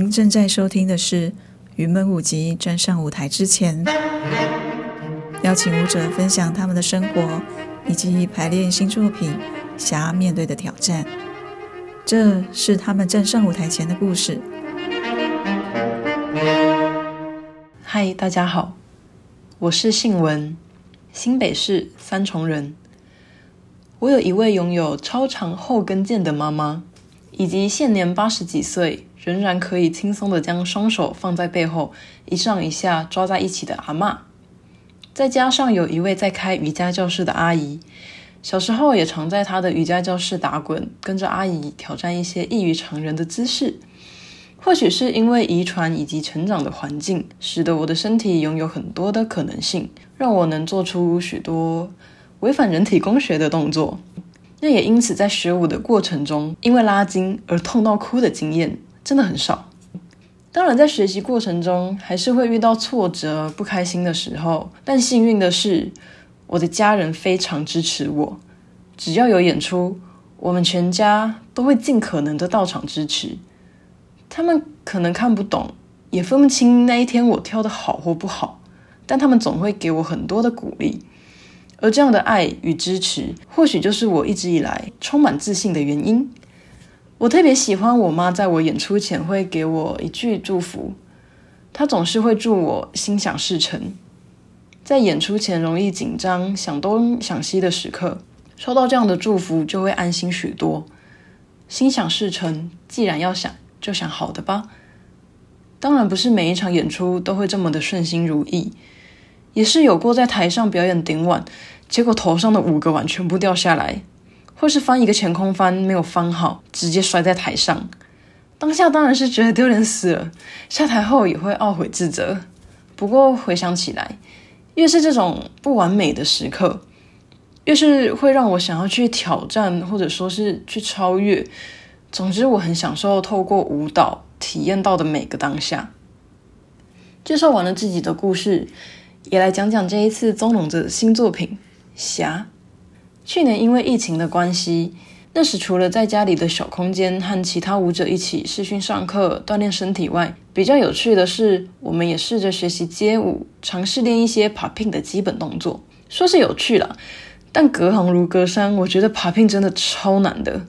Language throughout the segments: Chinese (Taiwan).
您正在收聽的是《雲門舞集》，站上舞台之前，邀請舞者分享他們的生活以及排練新作品、想要面對的挑戰。這是他們站上舞台前的故事。嗨，大家好，我是倖紋，新北市三重人。我有一位擁有超長後跟腱的媽媽，以及現年八十幾歲，仍然可以輕鬆地將雙手放在背後，一上一下抓在一起的阿嬤，再加上有一位在開瑜伽教室的阿姨，小時候也常在她的瑜伽教室打滾，跟着阿姨挑戰一些異於常人的姿勢。或許是因為遺傳以及成長的環境，使得我的身體擁有很多的可能性，讓我能做出許多違反人體工學的動作。那也因此在學舞的過程中，因為拉筋而痛到哭的經驗，真的很少。當然，在學習過程中還是會遇到挫折、不開心的時候，但幸運的是，我的家人非常支持我。只要有演出，我們全家都會盡可能的到場支持。他們可能看不懂，也分不清那一天我跳得好或不好，但他們總會給我很多的鼓勵。而這樣的愛與支持，或許就是我一直以來充滿自信的原因。我特別喜歡我媽在我演出前會給我一句祝福，她總是會祝我心想事成。在演出前容易緊張、想東想西的時刻，收到這樣的祝福就會安心許多。心想事成，既然要想，就想好的吧。當然，不是每一場演出都會這麼的順心如意，也是有過在台上表演頂碗，結果頭上的五個碗全部掉下來。或是翻一個前空翻沒有翻好，直接摔在台上，當下當然是覺得丟人死了，下台後也會懊悔自責。不過回想起來，越是這種不完美的時刻，越是會讓我想要去挑戰，或者說是去超越。總之，我很享受透過舞蹈體驗到的每個當下。介紹完了自己的故事，也來講講這一次宗龍的新作品《霞》。去年因為疫情的關係，那時除了在家裡的小空間和其他舞者一起試訓、上課、鍛鍊身體外，比較有趣的是，我們也試着學習街舞，嘗試練一些爬 o p i n g 的基本動作。說是有趣啦，但隔行如隔山，我覺得爬 o p i n g 真的超難的。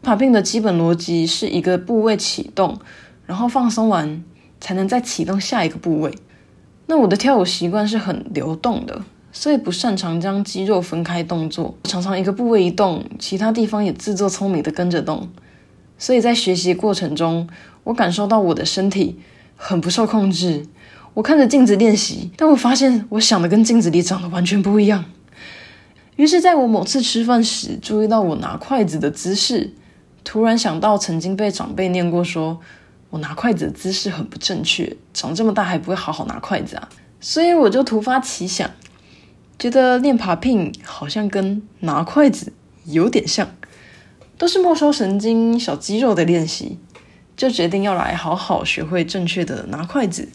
爬 o p i n g 的基本邏輯是一個部位啟動，然後放鬆完，才能再啟動下一個部位。那我的跳舞習慣是很流動的。所以不擅長將肌肉分開動作，常常一個部位一動，其他地方也自作聰明的跟着動。所以在學習過程中，我感受到我的身體很不受控制。我看着鏡子練習，但我發現我想的跟鏡子裡長得完全不一樣。於是，在我某次吃飯時，注意到我拿筷子的姿勢，突然想到曾經被長輩念過說，說我拿筷子的姿勢很不正確，長這麼大還不會好好拿筷子啊。所以我就突發奇想。覺得練爬 pin 好像跟拿筷子有點像，都是末梢神經小肌肉的練習，就決定要來好好學會正確的拿筷子。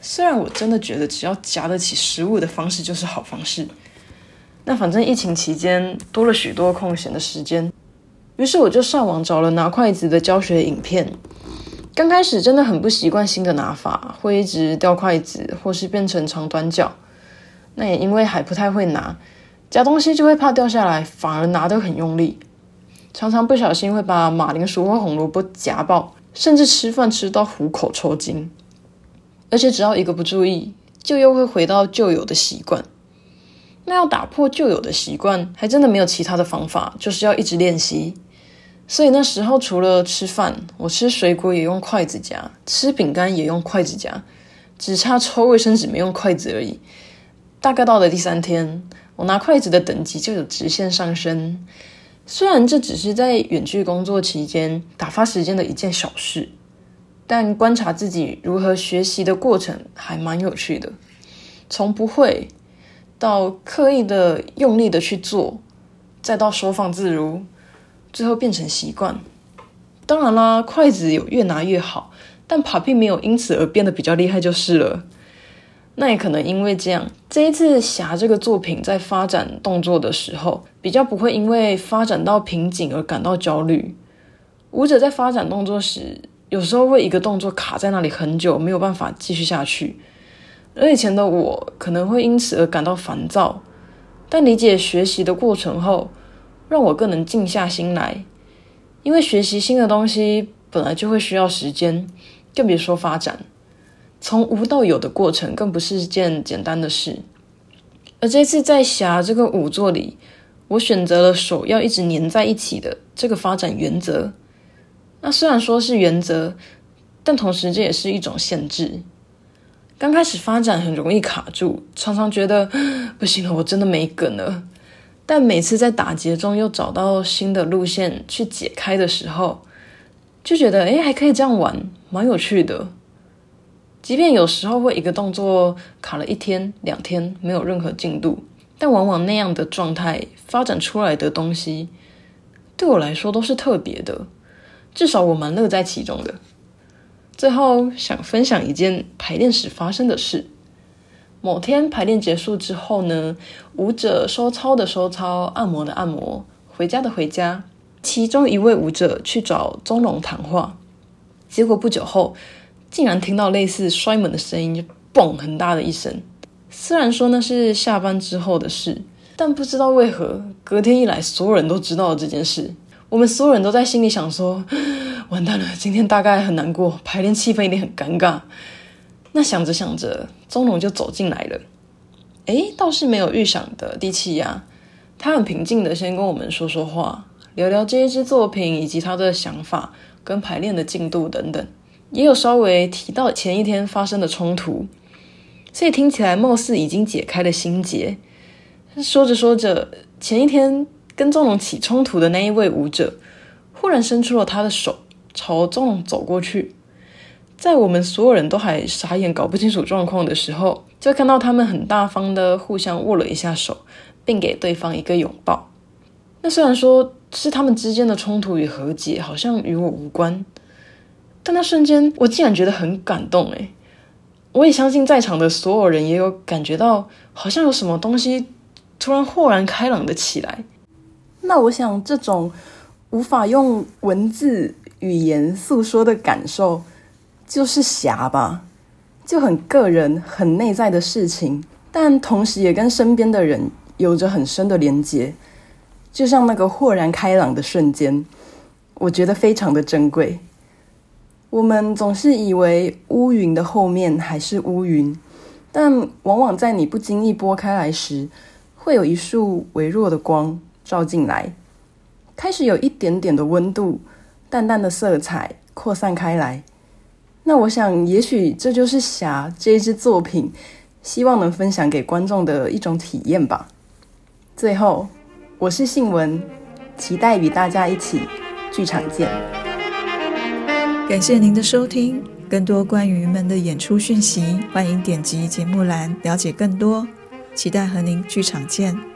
雖然我真的覺得只要夾得起食物的方式就是好方式，那反正疫情期間多了許多空閒的時間，於是我就上網找了拿筷子的教學影片。剛開始真的很不習慣新的拿法，會一直掉筷子或是變成長短腳。那也因為還不太會拿，夾東西就會怕掉下來，反而拿得很用力，常常不小心會把馬鈴薯或紅蘿蔔夾爆，甚至吃飯吃到虎口抽筋。而且只要一個不注意，就又會回到舊有的習慣。那要打破舊有的習慣，還真的沒有其他的方法，就是要一直練習。所以那時候除了吃飯，我吃水果也用筷子夾，吃餅乾也用筷子夾，只差抽衛生紙沒用筷子而已。大概到了第三天，我拿筷子的等級就有直線上升。雖然這只是在遠距工作期間打發時間的一件小事，但觀察自己如何學習的過程還蠻有趣的。從不會到刻意的用力的去做，再到收放自如，最後變成習慣。當然啦，筷子有越拿越好，但 Papi 沒有因此而變得比較厲害就是了。那也可能因為這樣，這一次《霞》這個作品在發展動作的時候，比較不會因為發展到瓶頸而感到焦慮。舞者在發展動作時，有時候會一個動作卡在那裡很久，沒有辦法繼續下去。而以前的我可能會因此而感到煩躁，但理解學習的過程後，讓我更能靜下心來，因為學習新的東西本來就會需要時間，更別說發展。從無到有的過程，更不是一件簡單的事。而這次在《霞》這個舞作裡，我選擇了手要一直粘在一起的這個發展原則。那雖然說是原則，但同時這也是一種限制。剛開始發展很容易卡住，常常覺得不行了，我真的沒梗了。但每次在打結中又找到新的路線去解開的時候，就覺得哎，還可以這樣玩，蠻有趣的。即便有時候為一個動作卡了一天兩天，沒有任何進度，但往往那樣的狀態發展出來的東西，對我來說都是特別的，至少我蠻樂在其中的。最後想分享一件排練時發生的事：某天排練結束之後呢，舞者收操的收操，按摩的按摩，回家的回家。其中一位舞者去找宗龍談話，結果不久後，竟然聽到類似摔門的聲音，就嘣很大的一聲。雖然說那是下班之後的事，但不知道為何隔天一來，所有人都知道了這件事。我們所有人都在心裡想說：“完蛋了，今天大概很難過，排練氣氛一定很尷尬。”那想着想着，宗龍就走進來了。誒，倒是沒有預想的低氣壓呀，他很平靜的先跟我們說說話，聊聊這一支作品以及他的想法跟排練的進度等等。也有稍微提到前一天發生的衝突，所以聽起來貌似已經解開了心結。說着說着，前一天跟宗龍起衝突的那一位舞者，忽然伸出了他的手，朝宗龍走過去。在我們所有人都還傻眼、搞不清楚狀況的時候，就看到他們很大方的互相握了一下手，並給對方一個擁抱。那雖然說是他們之間的衝突與和解，好像與我無關。但那瞬間，我竟然覺得很感動。哎，我也相信在場的所有人也有感覺到，好像有什麼東西突然豁然開朗的起來。那我想，這種無法用文字語言訴說的感受，就是霞吧，就很個人、很內在的事情，但同時也跟身邊的人有着很深的連接。就像那個豁然開朗的瞬間，我覺得非常的珍貴。我們總是以為烏雲的後面還是烏雲，但往往在你不經意撥開來時，會有一束微弱的光照進來，開始有一點點的溫度，淡淡的色彩擴散開來。那我想，也許這就是《霞》這一支作品，希望能分享給觀眾的一種體驗吧。最後，我是倖紋，期待與大家一起劇場見。感謝您的收聽，更多關於雲門的演出訊息，歡迎點擊節目欄了解更多。期待和您劇場見。